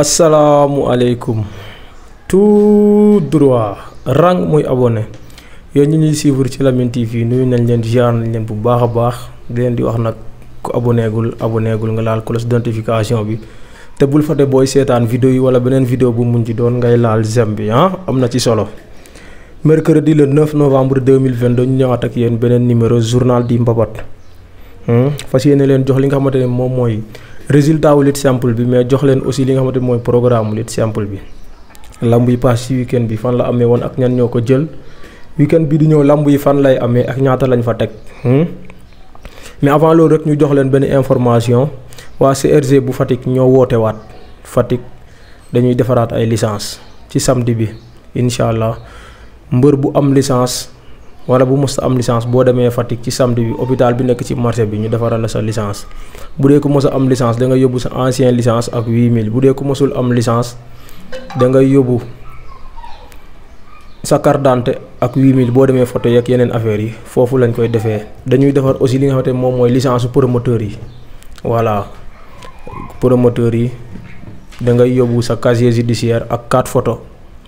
assalamu alaykum tout droit rang moy abonné yéen ñu ñuy suivre ci lamine TV nuyu nañ leen ziar nañ leen bu baaxa baax di leen di wax nak ku abonégul gul nga laal cloche d'identification bi te bul fàtte boy seetaan vidéo yi wala bonne vidéo bu muñ ci doon ngay laal j'aime bi ah ci solo. mercredi le 9 novembre 2022 ñu ñëwaat ak yeen benen numéro journal di Mbapat hmm? fas yéene leen jox li nga xamante mom moy résultat wu lutte simple bi mais jox leen aussi li nga xamante mooy programme lutte simple bi lamb yu paas ci weekend bi fan la amee woon ak ñan ñoo ko jël weekend bi di ñëw lamb yi fan lay amee ak ñaata lañ fa teg hmm? mais avant loolu rek ñu jox leen benn information waa CRG bu Fatick ñoo woote waat Fatick dañuy defaraat ay licence ci samedi bi incha allah mbër bu am licence wala bu mos a am licence boo demee Fatick ci samedi bi hôpital bi nekk ci marché bi ñu defaral la sa licence bu dee ku mos a am licence da nga yóbbu sa ancien licence ak 8000 bu dee ku mosul am licence da nga yóbbu sa carte d'identité ak 8000 boo demee photo yeeg yeneen affaires yi foofu lañ koy defee dañuy defar aussi li nga xamante moom mooy licence promoteur yi voilà promoteur yi da ngay yóbbu sa casier judiciaire ak 4 photo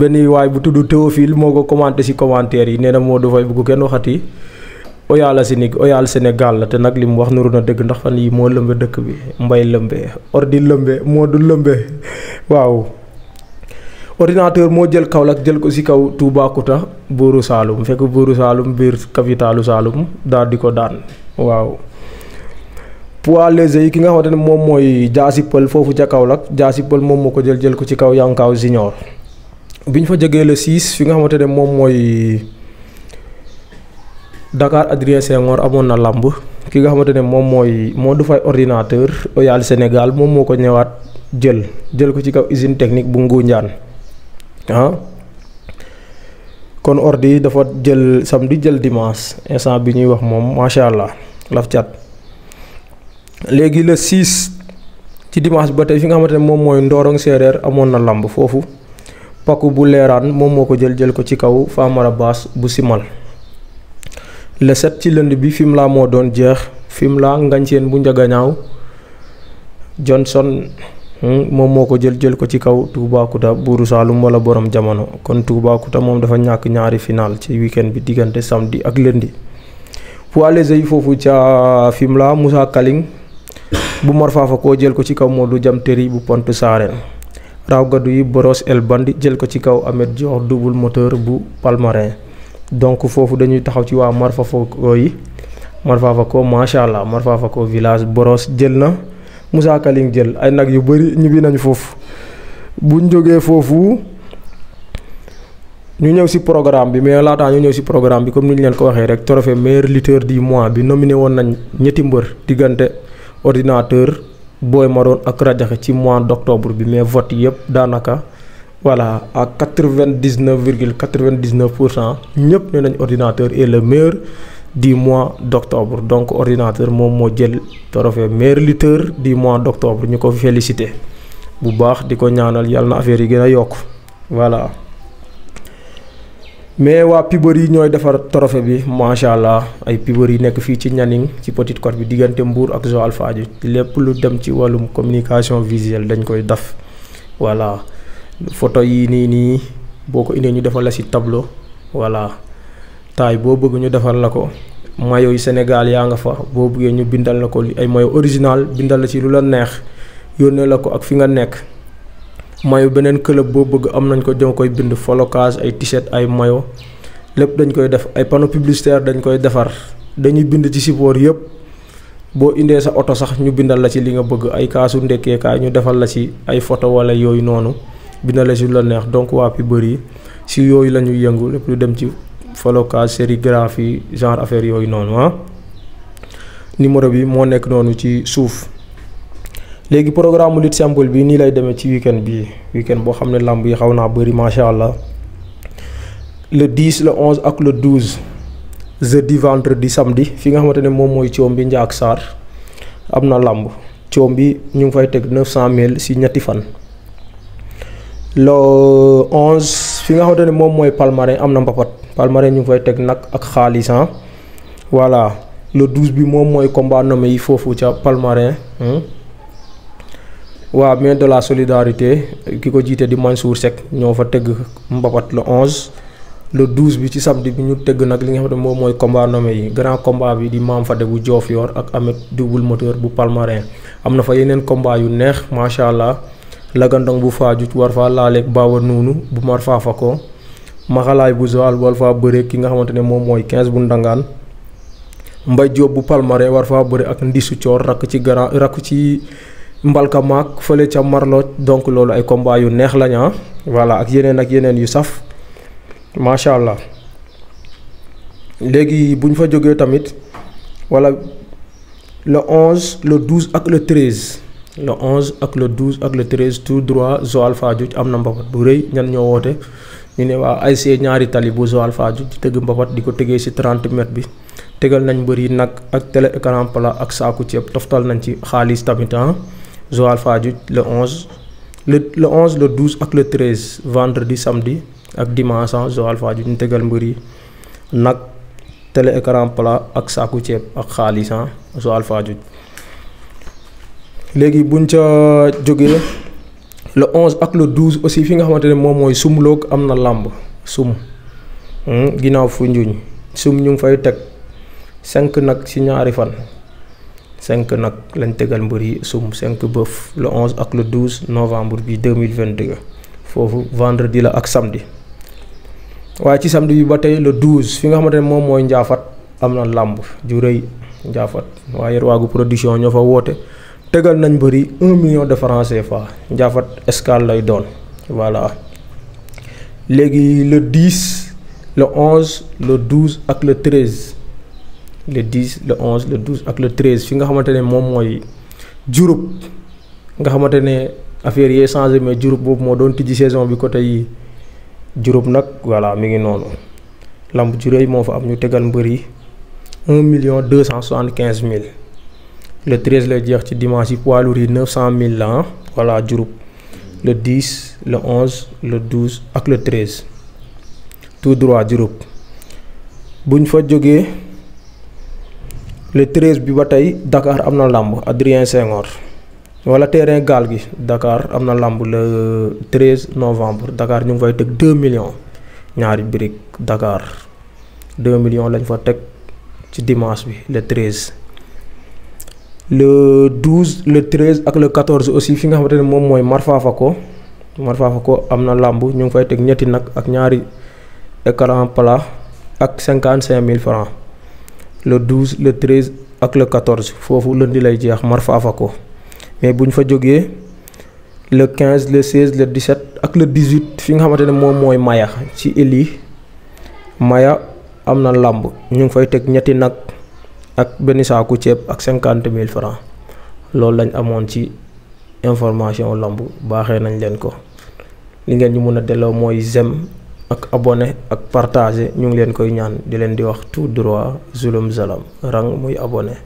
benn waay bu tudd Théophile moo ko commenté ci commentaire yi nee na moo dafay bugg kenn waxati Oyal Sénégal Oyal la te nag li mu wax nuru na dëgg ndax fan yi moo lëmbe dëkk bi mbay lëmbe ordi lëmbe moo du lëmbe waaw ordinateur moo jël kawlak jël ko ci kaw Toubacouta buuru Saalum fekk buuru Saalum biir capitalu Saalum dal di ko daan waaw poids léger yi ki nga xamante ne moom mooy jaasi pël foofu ca kawlak jaasi pël moom moo ko jël jël ko ci kaw yanka Junior biñ fa jëgé le 6 fi nga xamanté mom moy Dakar Adrien Senghor amon na lamb ki nga xamanté mom moy mooy du fay ordinateur Oyal Sénégal mom moko ñëwaat jël jël ko ci kaw usine technique bu Ngou Ngunjaan han ah. kon ordi dafa jël samedi jël dimanche instant bi ñuy wax mom ma sha allah laf chat légui le 6 ci dimanche ba tay fi nga xamanté mom moy Ndorong Séeréer amon na lamb fofu pakku bu leeraan moom moo ko jël jël ko ci kaw Famara Baas bu simal le set ci lënd bi Fimela moo doon jeex Fimela ngañseen bu njagañaaw Johnson hmm, moom moo ko jël jël ko ci kaw Toubacouta buuru Saalum wala borom jamono kon Toubacouta moom dafa ñàkk ñaari final ci weekend bi diggante samedi ak lundi. poids léger yi foofu ca Fimela Moussa Kaling bu Mor Fafa koo jël ko ci kaw du Jam Teri bu Pointe Sarène raw gàddu yi Boros El jël ko ci kaw Ahmed Dior double moteur bu Palmarin donc foofu dañuy taxaw ci waa Marfafako yi ko macha allah Marfafako village Boros jël na Moussa Kaling jël ay nag yu bëri ñibbi nañu foofu buñ jógee foofu ñu ñëw si programme bi mais laataa ñu ñëw si programme bi comme ni leen ko waxee rek trophée meilleur lutteur du mois bi nominé woon nañ ñetti mbër diggante ordinateur. boy maron ak rajaxe ci mois d'octobre bi mais vote yëpp danaka voilà à 99,99% vingt dix nañ ordinateur est le meilleur du mois d'octobre donc ordinateur mom mo jël trophée meilleur lutteur du mois d'octobre ñuko féliciter bu baax diko ñaanal yalla na affaire yi gëna yok voilà. mais wa pibori ñoy ñooy defar trophée bi sha allah ay pibori nek fi ci ñaning ci petite côte bi digante mbour ak Alpha fadiouth lepp lu dem ci walum communication visuelle dañ koy daf voilà photo yi ni ni boko indi ñu defal la si tableau voilà tay bo bëgg ñu defal la ko mayo yi sénégal ya nga fa bo bëgg ñu bindal la ay mayo original bindal la ci lu la neex yónnee la ko ak fi nga nek mayo benen club bo bëgg am nañ ko do koy bind folocage ay t-shirt ay mayo lepp dañ koy def ay panneau publicitaire dañ koy defar dañuy bind ci support yëpp bo indé sa auto sax ñu bindal la ci li nga bëgg ay kaasu ndéké ka ñu defal la ci ay photo wala yoy nonu bindal la ci la neex donc wa pi bëri ci yoy lañu yëngu lepp lu dem ci folocage sérigraphie genre affaire yoy nonu ha ah. numéro bi mo nek nonu ci souf léegi programme lutte simple bi nii lay demee ci weekend bi weekend boo xam ne làmb yi xaw naa bëri macha allah le 10 le onze ak le 12 jeudi vendredi samedi fi nga xamante ne moom mooy coom bi Ndiak Sarr am na làmb coom bi ñu ngi fay teg 900000 si ñetti fan. le 11 fi nga xamante ne moom mooy palmarin am na mbapat palmarin ñu ngi fay teg nag ak xaalisan voilà le douze bi moom mooy combat nommé yi foofu ca palmarin. waa mais de la solidarité ki ko jiite di Mansour Seck ñoo fa tëgg mbapat le 11 le 12 bi ci samedi bi ñu tëgg nag li nga xam ne moom mooy combat nommé yi grand combat bi di Maam Fadé bu Diofior ak Ahmed double moteur bu Palmarin am na fa yeneen combat yu neex macha allah lagandong bu Fadiouth war faa laaleeg Baawa Nuunu bu Mar Fafako maxalaay bu Joal war faa bëre ki nga xamante ne moom mooy 15 bu Ndangaan Mbay Diop bu Palmarin war faa bëre ak Ndisu Coor rakk Mbalkamaak fële ca Marlo donc loolu ay combat yu neex lañ ah voilà ak yeneen ak yeneen yu saf macha allah léegi bu ñu fa jógee tamit wala le 11 le 12 ak le 13 le 11 ak le 12 ak le 13 tout droit Joal Fadiouth am na mbapat bu rëy ñan ñoo woote ñu ne waa ay ASC ñaari tali bu Joal Fadiouth di tëgg mbapat di ko tegee ci 30 mètres bi tegal nañ mbër yi nag ak télé écran plat ak saaku ceeb toftal nañ ci xaalis tamit ah. Joal Fadiouth le 11 le le onze le 12 ak le 13 vendredi samedi ak dimanche ah Joal Fadiouth ñu tegal mbër nag télé écran plat ak saaku ceeb ak xaalis ah Joal Fadiouth léegi buñ ca jógee le 11 ak le 12 aussi fi nga xamante ne moom mooy sum loog am na làmb sum hmm, ginnaaw fu njuñ sum ñu ngi fay teg cinq nag ci ñaari fan cinq nag lañ tegal mbëri yi sum cinq bëf le onze ak le douze novembre bi deux mille vingt deux foofu vendredi la ak samedi waaye ci samedi bi ba tey le douze fi nga xamante ne moom mooy njaafat am na làmb ju rëy njaafat waaye waagu production ñoo fa woote tegal nañ mbër yi un million de francs CFA njaafat escale lay doon voilà léegi le dix le onze le douze ak le treize. le 10 le 11 le 12 ak le 13 fi nga xamantene mom moy mooy nga xamantene affaire yee changé mais Diouroup boobu mo don tijji saison bi côté yi voilà mi ngi non. lamb ju mo fa am ñu tégal 1 le 13 le jeex ci dimanche yi poids lourd voilà le 10 le 11 le 12 ak le 13 tout droit Diouroup buñ fa joggé le traise bi ba tey dakaar am na làmb Adrien Senghor wala terrain gaal gi dakaar am na làmb le treize novembre dakaar ñu ngi fay teg deux millions ñaari briques dakaar deux millions lañ fa teg ci dimanche bi le treize. le douze le treize ak le quatorze aussi fi nga xamante ne moom mooy Marfafako ko am na làmb ñu ngi fay teg ñetti nag ak ñaari écran plat ak cinquante cinq mille francs le 12 le 13 ak le 14 foofu di lay jeex marfaafa ko mais bu ñu fa jógee le 15 le 16 le 17 ak le 18 fi nga xamante ne moom mooy maya ci île maya am na làmb ñu ngi fay teg ñetti nag ak benn saaku ceeb ak cinquante mille francs loolu lañ amoon ci information làmb baaxe nañ leen ko li ngeen ñu mën a delloo mooy zem ak abone ak partage ñu ngi leen koy ñaan di leen di wax tout droit zulum zalam rang muy abone